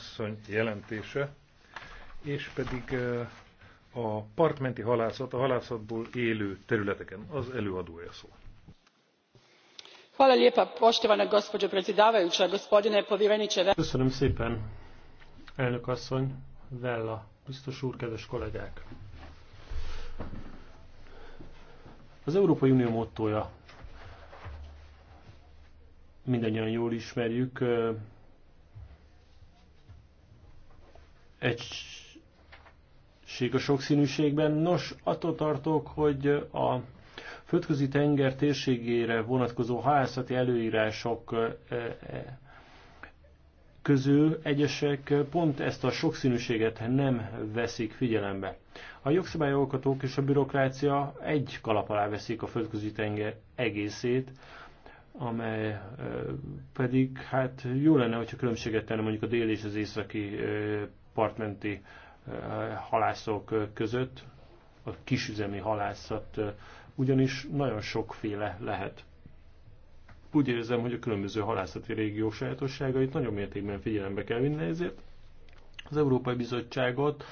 asszony jelentése, és pedig a partmenti halászat, a halászatból élő területeken. Az előadója szó. Köszönöm szépen, elnök asszony, Vella, biztos úr, kedves kollégák! Az Európai Unió mottoja mindannyian jól ismerjük, egység a sokszínűségben. Nos, attól tartok, hogy a földközi tenger térségére vonatkozó hálászati előírások közül egyesek pont ezt a sokszínűséget nem veszik figyelembe. A jogszabályalkotók és a bürokrácia egy kalap alá veszik a földközi tenger egészét, amely pedig hát jó lenne, hogyha különbséget tenne mondjuk a déli és az északi partmenti eh, halászok eh, között, a kisüzemi halászat eh, ugyanis nagyon sokféle lehet. Úgy érzem, hogy a különböző halászati régiók sajátosságait nagyon mértékben figyelembe kell vinni, ezért az Európai Bizottságot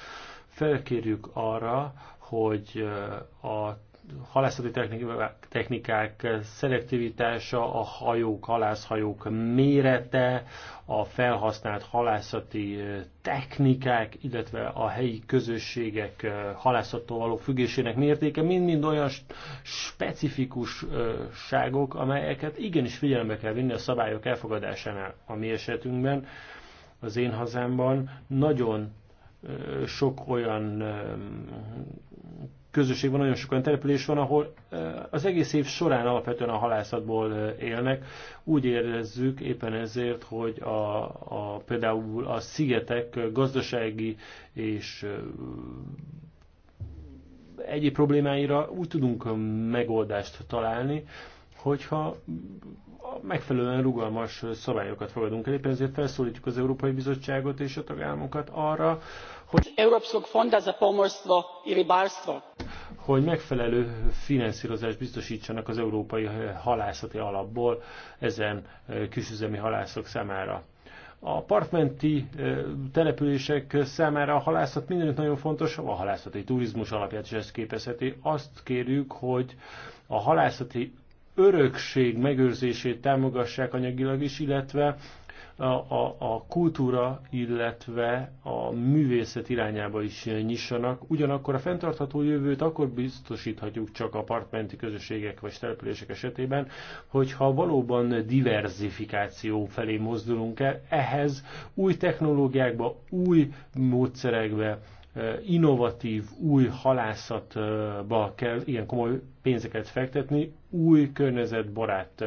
felkérjük arra, hogy a halászati technikák, technikák szelektivitása, a hajók, halászhajók mérete, a felhasznált halászati technikák, illetve a helyi közösségek halászattól való függésének mértéke mind-mind olyan specifikusságok, amelyeket igenis figyelembe kell vinni a szabályok elfogadásánál a mi esetünkben, az én hazámban nagyon sok olyan közösség van, nagyon sok olyan település van, ahol eh, az egész év során alapvetően a halászatból eh, élnek. Úgy érezzük éppen ezért, hogy a, a, például a szigetek eh, gazdasági és egyéb problémáira úgy tudunk megoldást találni, hogyha megfelelően rugalmas szabályokat fogadunk el. Éppen ezért felszólítjuk az Európai Bizottságot és a tagállamokat arra, hogy hogy megfelelő finanszírozást biztosítsanak az európai halászati alapból ezen kisüzemi halászok számára. A partmenti települések számára a halászat mindenütt nagyon fontos, a halászati turizmus alapját is ezt képezheti. Azt kérjük, hogy a halászati örökség megőrzését támogassák anyagilag is, illetve a, a, a kultúra, illetve a művészet irányába is nyissanak. Ugyanakkor a fenntartható jövőt akkor biztosíthatjuk csak apartmenti közösségek vagy települések esetében, hogyha valóban diversifikáció felé mozdulunk el, ehhez új technológiákba, új módszerekbe, innovatív, új halászatba kell ilyen komoly pénzeket fektetni, új környezetbarát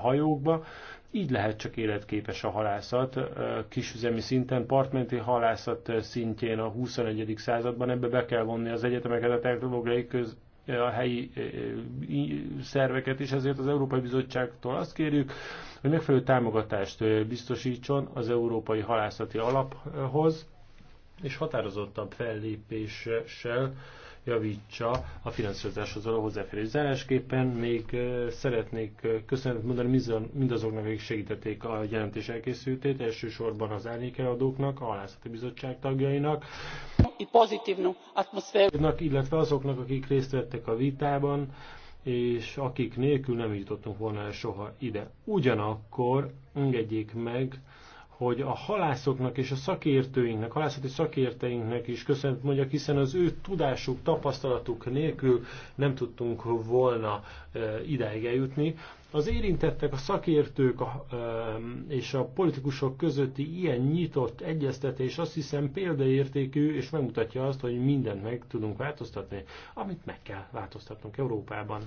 hajókba, így lehet csak életképes a halászat, kisüzemi szinten, partmenti halászat szintjén a 21. században ebbe be kell vonni az egyetemeket, a technológiai köz, a helyi szerveket is, ezért az Európai Bizottságtól azt kérjük, hogy megfelelő támogatást biztosítson az Európai Halászati Alaphoz, és határozottabb fellépéssel javítsa a finanszírozáshoz való hozzáférés. Zárásképpen még szeretnék köszönetet mondani mindazoknak, akik segítették a jelentés elkészültét, elsősorban az árnyékeladóknak, a halászati bizottság tagjainak, illetve azoknak, akik részt vettek a vitában, és akik nélkül nem jutottunk volna el soha ide. Ugyanakkor engedjék meg, hogy a halászoknak és a szakértőinknek, halászati szakérteinknek is köszönet mondjak, hiszen az ő tudásuk, tapasztalatuk nélkül nem tudtunk volna e, ideig eljutni. Az érintettek, a szakértők e, és a politikusok közötti ilyen nyitott egyeztetés azt hiszem példaértékű, és megmutatja azt, hogy mindent meg tudunk változtatni, amit meg kell változtatnunk Európában.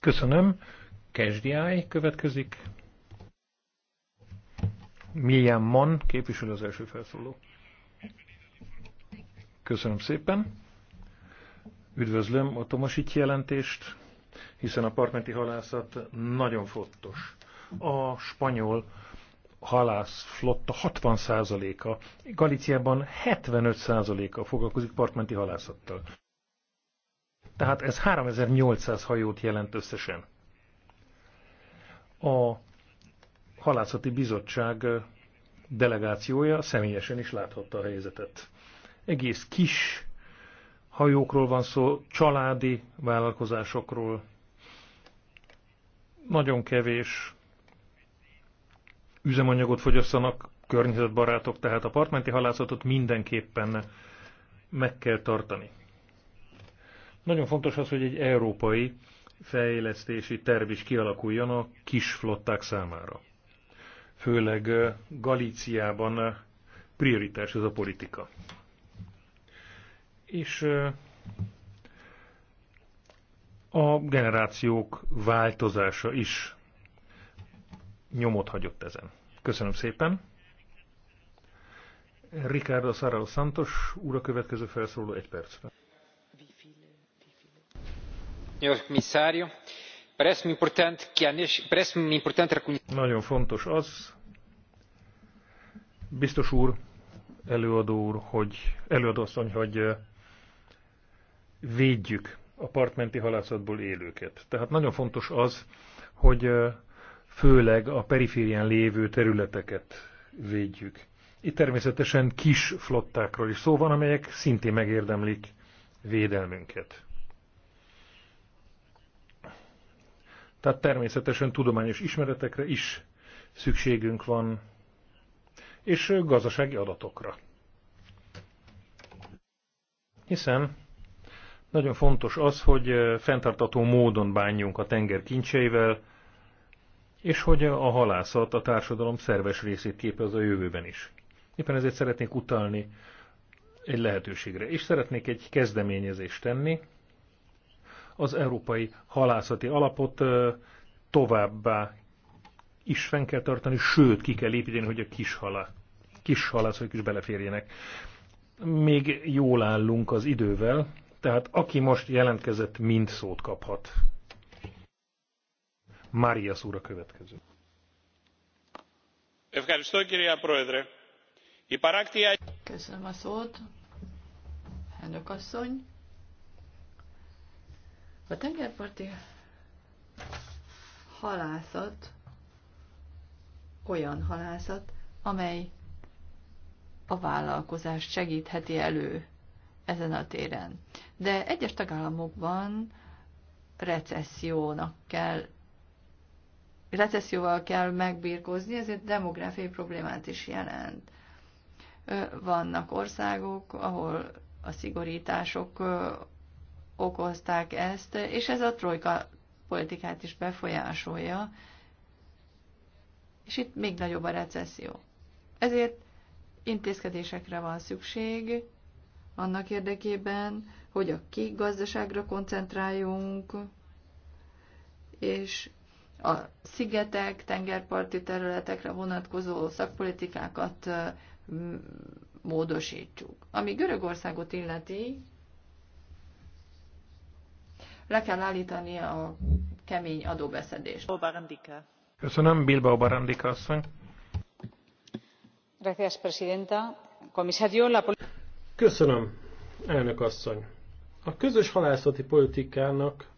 Köszönöm. Kesdiáj következik. Milyen Mann képviselő az első felszóló. Köszönöm szépen. Üdvözlöm a Tomasit jelentést, hiszen a partmenti halászat nagyon fontos. A spanyol halászflotta 60%-a, Galiciában 75%-a foglalkozik partmenti halászattal. Tehát ez 3800 hajót jelent összesen. A halászati bizottság delegációja személyesen is láthatta a helyzetet. Egész kis hajókról van szó, családi vállalkozásokról, nagyon kevés üzemanyagot fogyasztanak környezetbarátok, tehát a partmenti halászatot mindenképpen meg kell tartani. Nagyon fontos az, hogy egy európai fejlesztési terv is kialakuljon a kis flották számára főleg Galíciában prioritás ez a politika. És a generációk változása is nyomot hagyott ezen. Köszönöm szépen. Ricardo Sarao Santos úr a következő felszóló egy percre. Jó, nagyon fontos az, biztos úr, előadó úr, hogy, asszony hogy védjük a partmenti halászatból élőket. Tehát nagyon fontos az, hogy főleg a periférián lévő területeket védjük. Itt természetesen kis flottákról is szó van, amelyek szintén megérdemlik védelmünket. Tehát természetesen tudományos ismeretekre is szükségünk van, és gazdasági adatokra. Hiszen nagyon fontos az, hogy fenntartató módon bánjunk a tenger kincseivel, és hogy a halászat a társadalom szerves részét képez a jövőben is. Éppen ezért szeretnék utalni egy lehetőségre, és szeretnék egy kezdeményezést tenni, az európai halászati alapot továbbá is fenn kell tartani, sőt ki kell építeni, hogy a kis, hala, kis halászok is beleférjenek. Még jól állunk az idővel, tehát aki most jelentkezett, mind szót kaphat. Mária szóra következő. Köszönöm a szót, elnök asszony. A tengerparti halászat olyan halászat, amely a vállalkozást segítheti elő ezen a téren. De egyes tagállamokban recessziónak kell, recesszióval kell megbírkozni, ezért demográfiai problémát is jelent. Vannak országok, ahol a szigorítások okozták ezt, és ez a trojka politikát is befolyásolja, és itt még nagyobb a recesszió. Ezért intézkedésekre van szükség annak érdekében, hogy a kék gazdaságra koncentráljunk, és a szigetek, tengerparti területekre vonatkozó szakpolitikákat mm, módosítsuk. Ami Görögországot illeti, le kell állítani a kemény adóbeszedést. Köszönöm, Bilbao Barandika asszony. Köszönöm, elnök asszony. A közös halászati politikának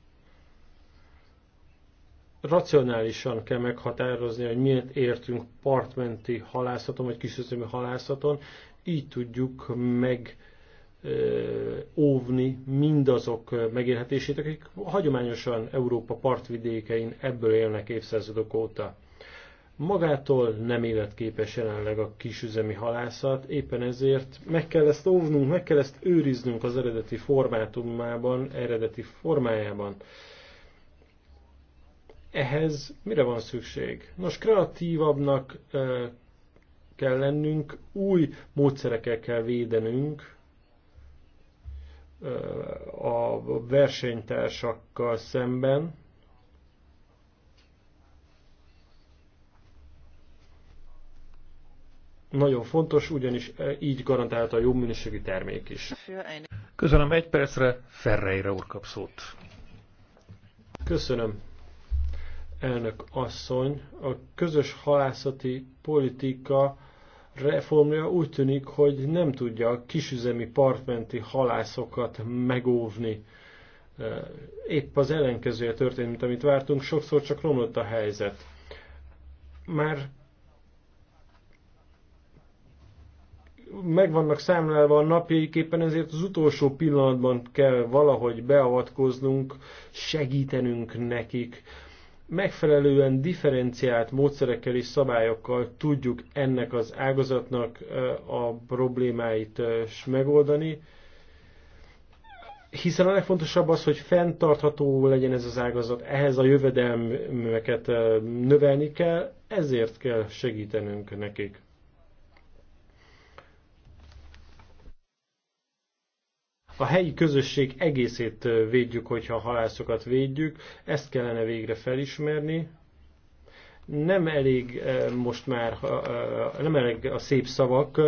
racionálisan kell meghatározni, hogy miért értünk partmenti halászaton, vagy kisüzemi halászaton, így tudjuk meg óvni mindazok megélhetését, akik hagyományosan Európa partvidékein ebből élnek évszázadok óta. Magától nem életképes jelenleg a kisüzemi halászat, éppen ezért meg kell ezt óvnunk, meg kell ezt őriznünk az eredeti formátumában, eredeti formájában. Ehhez mire van szükség? Nos, kreatívabbnak kell lennünk, új módszerekkel kell védenünk a versenytársakkal szemben, nagyon fontos, ugyanis így garantálta a jó minőségű termék is. Köszönöm egy percre, Ferreira úr kap szót. Köszönöm, elnök asszony. A közös halászati politika reformja úgy tűnik, hogy nem tudja a kisüzemi partmenti halászokat megóvni. Épp az ellenkezője történt, mint amit vártunk, sokszor csak romlott a helyzet. Már meg vannak számlálva a napjaik, éppen ezért az utolsó pillanatban kell valahogy beavatkoznunk, segítenünk nekik, megfelelően differenciált módszerekkel és szabályokkal tudjuk ennek az ágazatnak a problémáit megoldani, hiszen a legfontosabb az, hogy fenntartható legyen ez az ágazat, ehhez a jövedelmeket növelni kell, ezért kell segítenünk nekik. a helyi közösség egészét védjük, hogyha a halászokat védjük, ezt kellene végre felismerni. Nem elég most már, nem elég a szép szavak,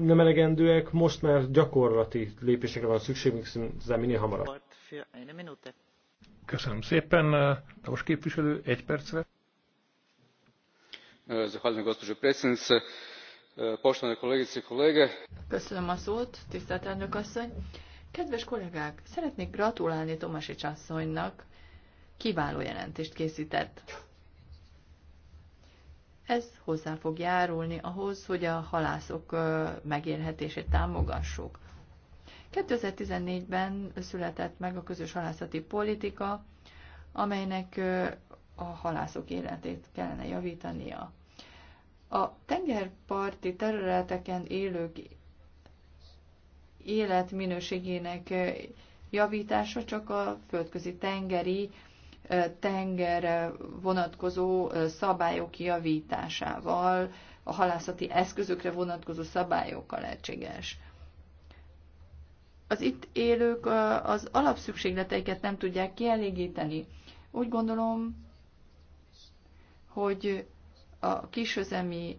nem elegendőek, most már gyakorlati lépésekre van szükségünk, szerintem minél hamarabb. Köszönöm szépen. A képviselő, egy percre. Zahvaljujem, gospođo predsjednice poštovane kolegice i kolege. Köszönöm a szót, tisztelt elnök asszony. Kedves kollégák, szeretnék gratulálni Tomasics asszonynak, kiváló jelentést készített. Ez hozzá fog járulni ahhoz, hogy a halászok megélhetését támogassuk. 2014-ben született meg a közös halászati politika, amelynek a halászok életét kellene javítania. A tengerparti területeken élők életminőségének javítása csak a földközi tengeri tengerre vonatkozó szabályok javításával, a halászati eszközökre vonatkozó szabályokkal lehetséges. Az itt élők az alapszükségleteiket nem tudják kielégíteni. Úgy gondolom, hogy a kisüzemi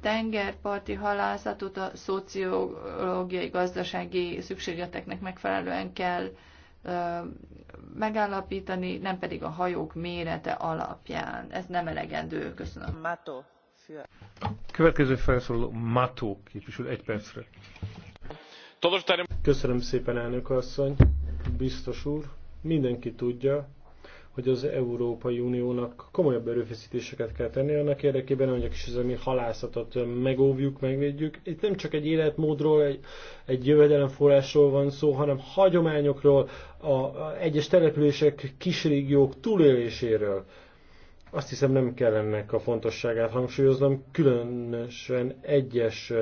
tengerparti halászatot a szociológiai, gazdasági szükségleteknek megfelelően kell megállapítani, nem pedig a hajók mérete alapján. Ez nem elegendő. Köszönöm. Mato. Következő felszóló Mato képviselő egy percre. Köszönöm szépen, elnök asszony, biztos úr. Mindenki tudja, hogy az Európai Uniónak komolyabb erőfeszítéseket kell tenni annak érdekében, hogy a üzemi halászatot megóvjuk, megvédjük. Itt nem csak egy életmódról, egy, egy jövedelemforrásról van szó, hanem hagyományokról, a, a egyes települések, kisrégiók túléléséről. Azt hiszem nem kell ennek a fontosságát hangsúlyoznom, különösen egyes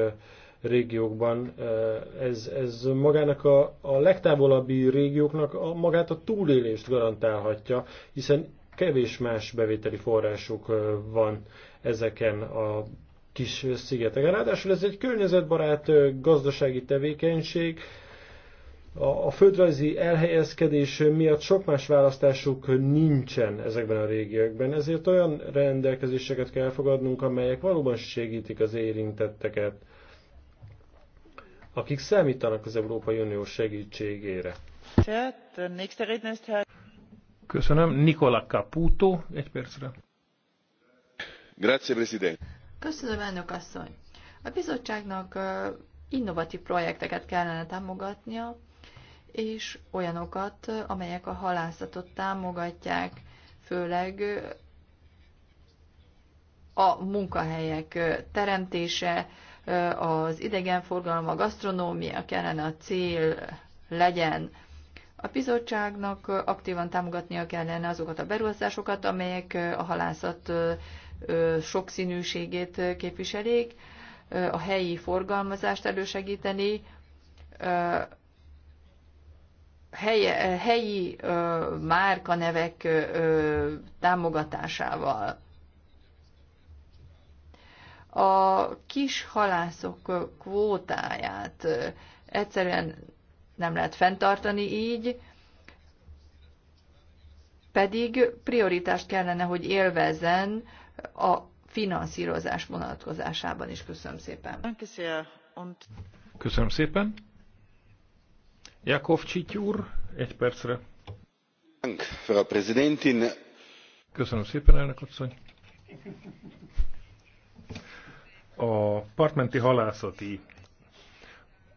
régiókban. Eh, ez, ez magának a, a legtávolabbi régióknak a, magát a túlélést garantálhatja, hiszen kevés más bevételi forrásuk eh, van ezeken a kis szigeteken. Ráadásul ez egy környezetbarát eh, gazdasági tevékenység, a földrajzi elhelyezkedés miatt sok más választásuk nincsen ezekben a régiókban, ezért olyan rendelkezéseket kell fogadnunk, amelyek valóban segítik az érintetteket akik számítanak az Európai Unió segítségére. Köszönöm. Nikola Caputo, egy percre. Grazie, Presidente. Köszönöm, elnök asszony. A bizottságnak innovatív projekteket kellene támogatnia, és olyanokat, amelyek a halászatot támogatják, főleg a munkahelyek teremtése, az idegenforgalom, a gasztronómia kellene a cél legyen. A bizottságnak aktívan támogatnia kellene azokat a beruházásokat, amelyek a halászat sokszínűségét képviselik, a helyi forgalmazást elősegíteni, helyi márkanevek támogatásával a kis halászok kvótáját egyszerűen nem lehet fenntartani így, pedig prioritást kellene, hogy élvezzen a finanszírozás vonatkozásában is. Köszönöm szépen. Köszönöm szépen. Jakov úr, egy percre. Köszönöm szépen, elnök asszony a partmenti halászati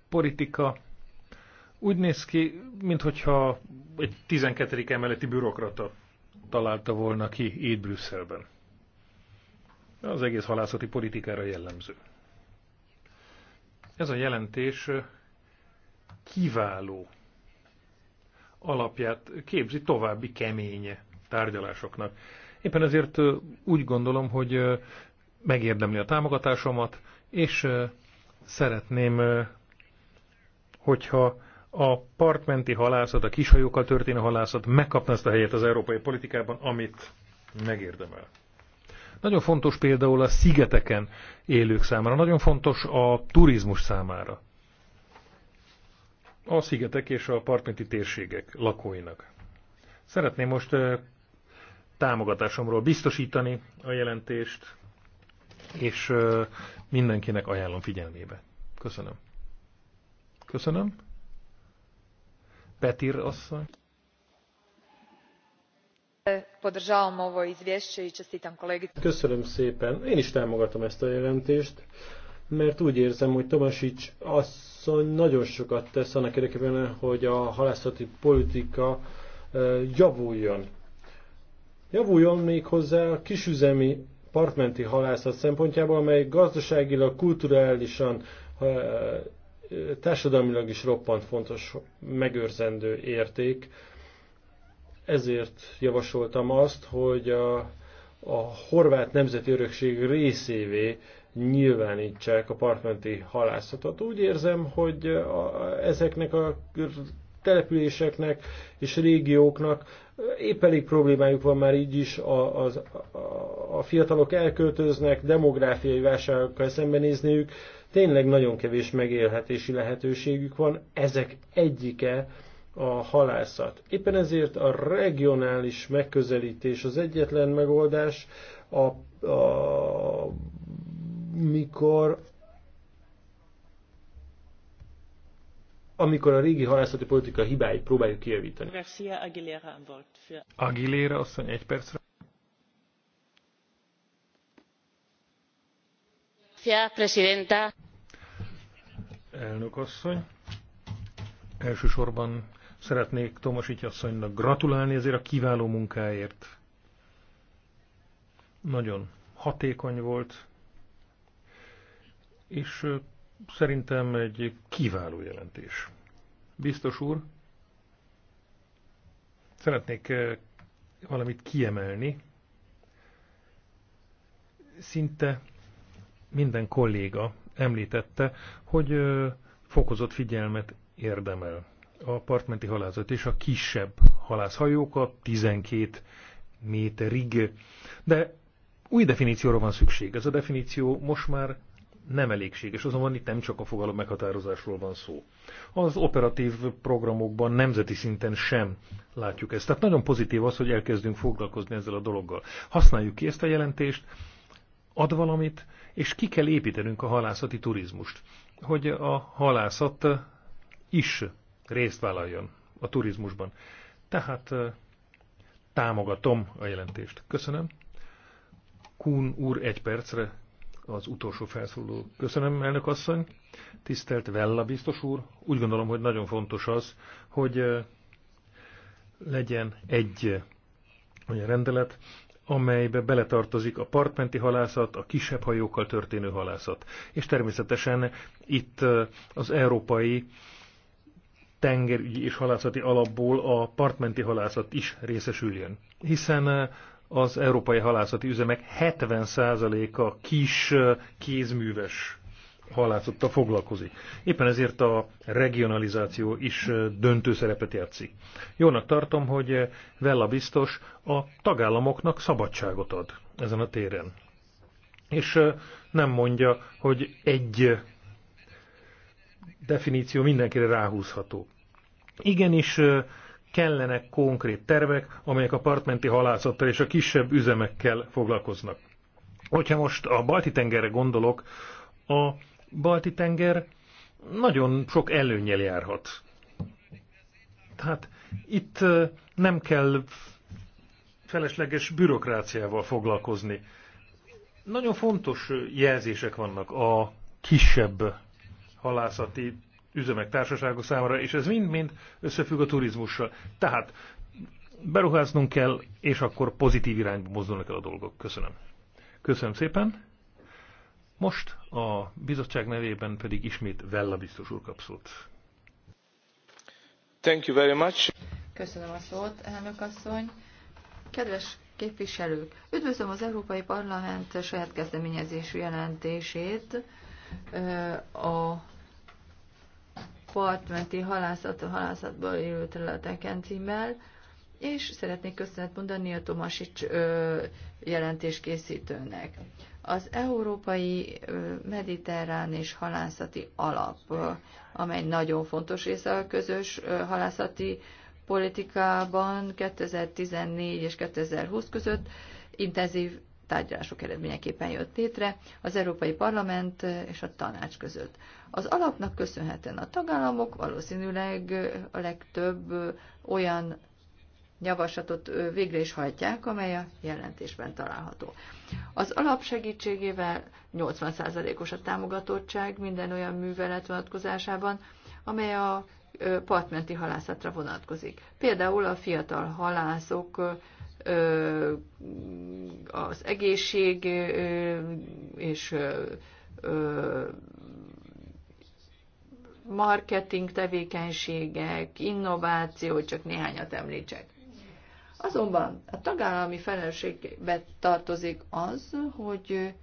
politika úgy néz ki, mintha egy 12. emeleti bürokrata találta volna ki itt Brüsszelben. Az egész halászati politikára jellemző. Ez a jelentés kiváló alapját képzi további kemény tárgyalásoknak. Éppen ezért úgy gondolom, hogy megérdemli a támogatásomat, és szeretném, hogyha a partmenti halászat, a kishajókkal történő halászat megkapna ezt a helyet az európai politikában, amit megérdemel. Nagyon fontos például a szigeteken élők számára, nagyon fontos a turizmus számára. A szigetek és a partmenti térségek lakóinak. Szeretném most támogatásomról biztosítani a jelentést, és mindenkinek ajánlom figyelmébe. Köszönöm. Köszönöm. Petir asszony. ovo i čestitam Köszönöm szépen. Én is támogatom ezt a jelentést, mert úgy érzem, hogy Tomasics asszony nagyon sokat tesz annak érdekében, hogy a halászati politika javuljon. Javuljon még hozzá a kisüzemi partmenti halászat szempontjából, amely gazdaságilag, kulturálisan, e, társadalmilag is roppant fontos megőrzendő érték. Ezért javasoltam azt, hogy a, a horvát nemzeti örökség részévé nyilvánítsák a partmenti halászatot. Úgy érzem, hogy a, ezeknek a településeknek és régióknak épp elég problémájuk van már így is, a, a, a fiatalok elköltöznek, demográfiai válságokkal szembenézniük, tényleg nagyon kevés megélhetési lehetőségük van, ezek egyike a halászat. Éppen ezért a regionális megközelítés az egyetlen megoldás, a, a, mikor amikor a régi halászati politika hibáit próbáljuk kijavítani. Garcia Aguilera volt. Aguilera asszony egy percre. Presidenta. Elnök asszony, elsősorban szeretnék Tomasítja asszonynak gratulálni ezért a kiváló munkáért. Nagyon hatékony volt, és Szerintem egy kiváló jelentés. Biztos úr, szeretnék eh, valamit kiemelni. Szinte minden kolléga említette, hogy eh, fokozott figyelmet érdemel a partmenti halászat és a kisebb halászhajók a 12 méterig. De új definícióra van szükség. Ez a definíció most már nem elégséges, azonban itt nem csak a fogalom meghatározásról van szó. Az operatív programokban nemzeti szinten sem látjuk ezt. Tehát nagyon pozitív az, hogy elkezdünk foglalkozni ezzel a dologgal. Használjuk ki ezt a jelentést, ad valamit, és ki kell építenünk a halászati turizmust, hogy a halászat is részt vállaljon a turizmusban. Tehát támogatom a jelentést. Köszönöm. Kún úr egy percre az utolsó felszóló. Köszönöm, elnök asszony. Tisztelt Vella biztos úr. Úgy gondolom, hogy nagyon fontos az, hogy legyen egy olyan rendelet, amelybe beletartozik a partmenti halászat, a kisebb hajókkal történő halászat. És természetesen itt az európai tengerügyi és halászati alapból a partmenti halászat is részesüljön. Hiszen az európai halászati üzemek 70%-a kis kézműves halászattal foglalkozik. Éppen ezért a regionalizáció is döntő szerepet játszik. Jónak tartom, hogy Vella biztos a tagállamoknak szabadságot ad ezen a téren. És nem mondja, hogy egy definíció mindenkire ráhúzható. Igenis kellenek konkrét tervek, amelyek a partmenti halászattal és a kisebb üzemekkel foglalkoznak. Hogyha most a Balti-tengerre gondolok, a Balti-tenger nagyon sok előnyel járhat. Tehát itt nem kell felesleges bürokráciával foglalkozni. Nagyon fontos jelzések vannak a kisebb halászati üzemek, társaságok számára, és ez mind-mind összefügg a turizmussal. Tehát beruháznunk kell, és akkor pozitív irányba mozdulnak el a dolgok. Köszönöm. Köszönöm szépen. Most a bizottság nevében pedig ismét Vella biztos úr kap szót. Thank you very much. Köszönöm a szót, elnök asszony. Kedves képviselők, üdvözlöm az Európai Parlament saját kezdeményezésű jelentését a partmenti halászat, halászatból élő területeken címmel, és szeretnék köszönet mondani a Tomasics jelentéskészítőnek. Az Európai Mediterrán és Halászati Alap, amely nagyon fontos része a közös halászati politikában 2014 és 2020 között intenzív tárgyalások eredményeképpen jött létre az Európai Parlament és a tanács között. Az alapnak köszönhetően a tagállamok valószínűleg a legtöbb olyan javaslatot végre is hajtják, amely a jelentésben található. Az alap segítségével 80%-os a támogatottság minden olyan művelet vonatkozásában, amely a partmenti halászatra vonatkozik. Például a fiatal halászok az egészség és marketing tevékenységek, innováció, csak néhányat említsek. Azonban a tagállami felelősségbe tartozik az, hogy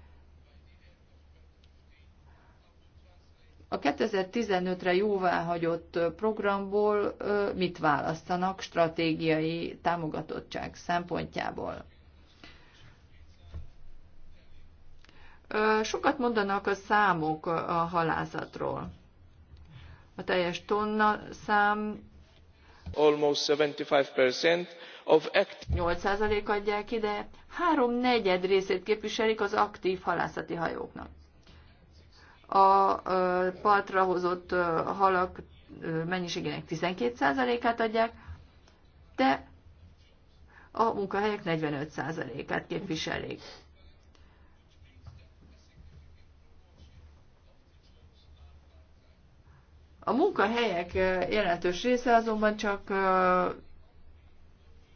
A 2015-re jóváhagyott programból mit választanak stratégiai támogatottság szempontjából? Sokat mondanak a számok a halászatról. A teljes tonna szám almost 75% of 8% adják ide, három negyed részét képviselik az aktív halászati hajóknak a partra hozott halak mennyiségének 12%-át adják, de a munkahelyek 45%-át képviselik. A munkahelyek jelentős része azonban csak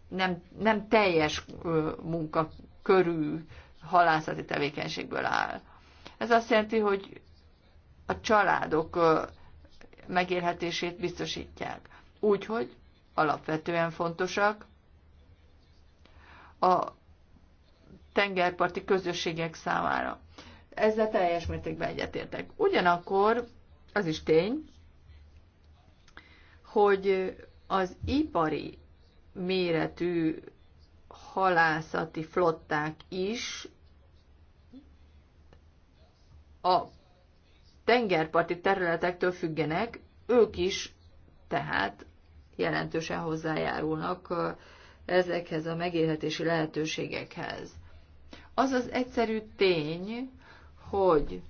nem, nem teljes munka körű halászati tevékenységből áll. Ez azt jelenti, hogy a családok megélhetését biztosítják. Úgyhogy alapvetően fontosak a tengerparti közösségek számára. Ezzel teljes mértékben egyetértek. Ugyanakkor az is tény, hogy az ipari méretű halászati flották is a tengerparti területektől függenek, ők is tehát jelentősen hozzájárulnak ezekhez a megélhetési lehetőségekhez. Az az egyszerű tény, hogy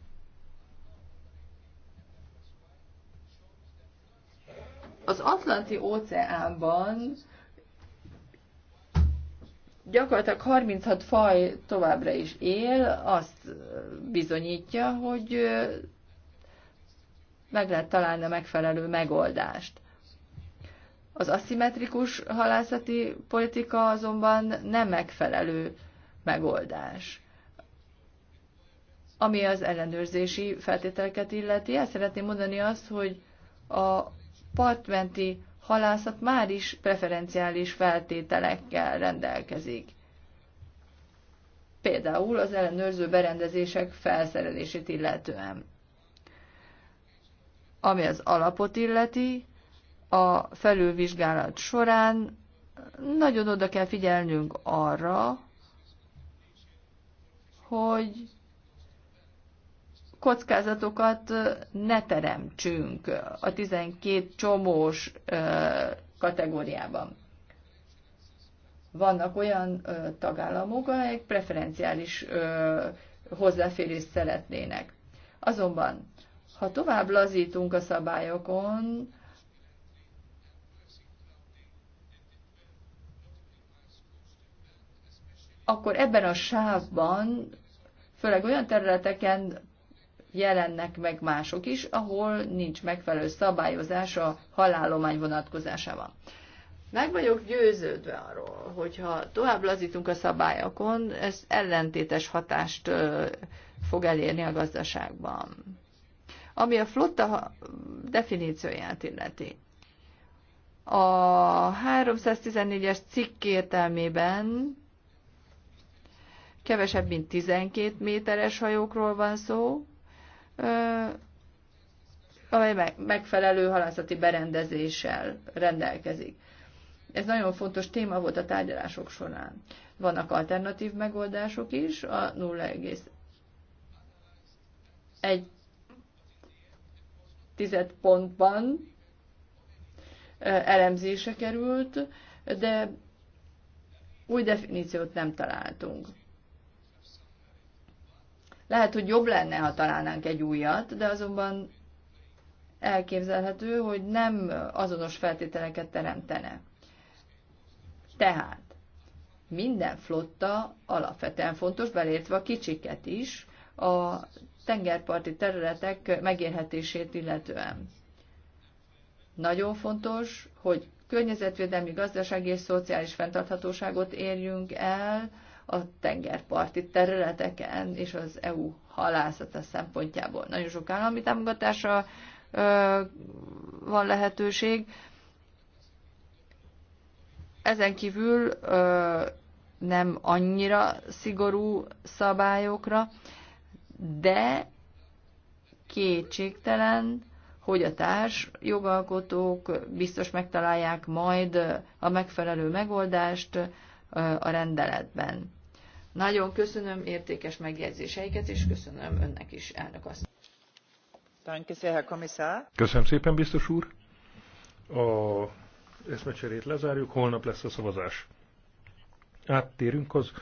az Atlanti óceánban gyakorlatilag 36 faj továbbra is él, azt bizonyítja, hogy meg lehet találni a megfelelő megoldást. Az aszimmetrikus halászati politika azonban nem megfelelő megoldás. Ami az ellenőrzési feltételeket illeti, el szeretném mondani azt, hogy a partmenti halászat már is preferenciális feltételekkel rendelkezik. Például az ellenőrző berendezések felszerelését illetően. Ami az alapot illeti, a felülvizsgálat során nagyon oda kell figyelnünk arra, hogy kockázatokat ne teremtsünk a 12 csomós kategóriában. Vannak olyan tagállamok, amelyek preferenciális hozzáférést szeretnének. Azonban ha tovább lazítunk a szabályokon, akkor ebben a sávban, főleg olyan területeken jelennek meg mások is, ahol nincs megfelelő szabályozás a halállomány vonatkozásában. Meg vagyok győződve arról, hogyha tovább lazítunk a szabályokon, ez ellentétes hatást fog elérni a gazdaságban. Ami a flotta definícióját illeti. A 314-es cikk értelmében kevesebb, mint 12 méteres hajókról van szó, amely megfelelő halászati berendezéssel rendelkezik. Ez nagyon fontos téma volt a tárgyalások során. Vannak alternatív megoldások is, a 0,1 tized pontban elemzése került, de új definíciót nem találtunk. Lehet, hogy jobb lenne, ha találnánk egy újat, de azonban elképzelhető, hogy nem azonos feltételeket teremtene. Tehát minden flotta alapvetően fontos, belértve a kicsiket is, a tengerparti területek megélhetését illetően. Nagyon fontos, hogy környezetvédelmi, gazdasági és szociális fenntarthatóságot érjünk el a tengerparti területeken és az EU halászata szempontjából. Nagyon sok állami támogatásra van lehetőség. Ezen kívül nem annyira szigorú szabályokra, de kétségtelen, hogy a társ jogalkotók biztos megtalálják majd a megfelelő megoldást a rendeletben. Nagyon köszönöm értékes megjegyzéseiket, és köszönöm önnek is, elnök azt. Köszönöm szépen, biztos úr. A eszmecserét lezárjuk, holnap lesz a szavazás. Áttérünk az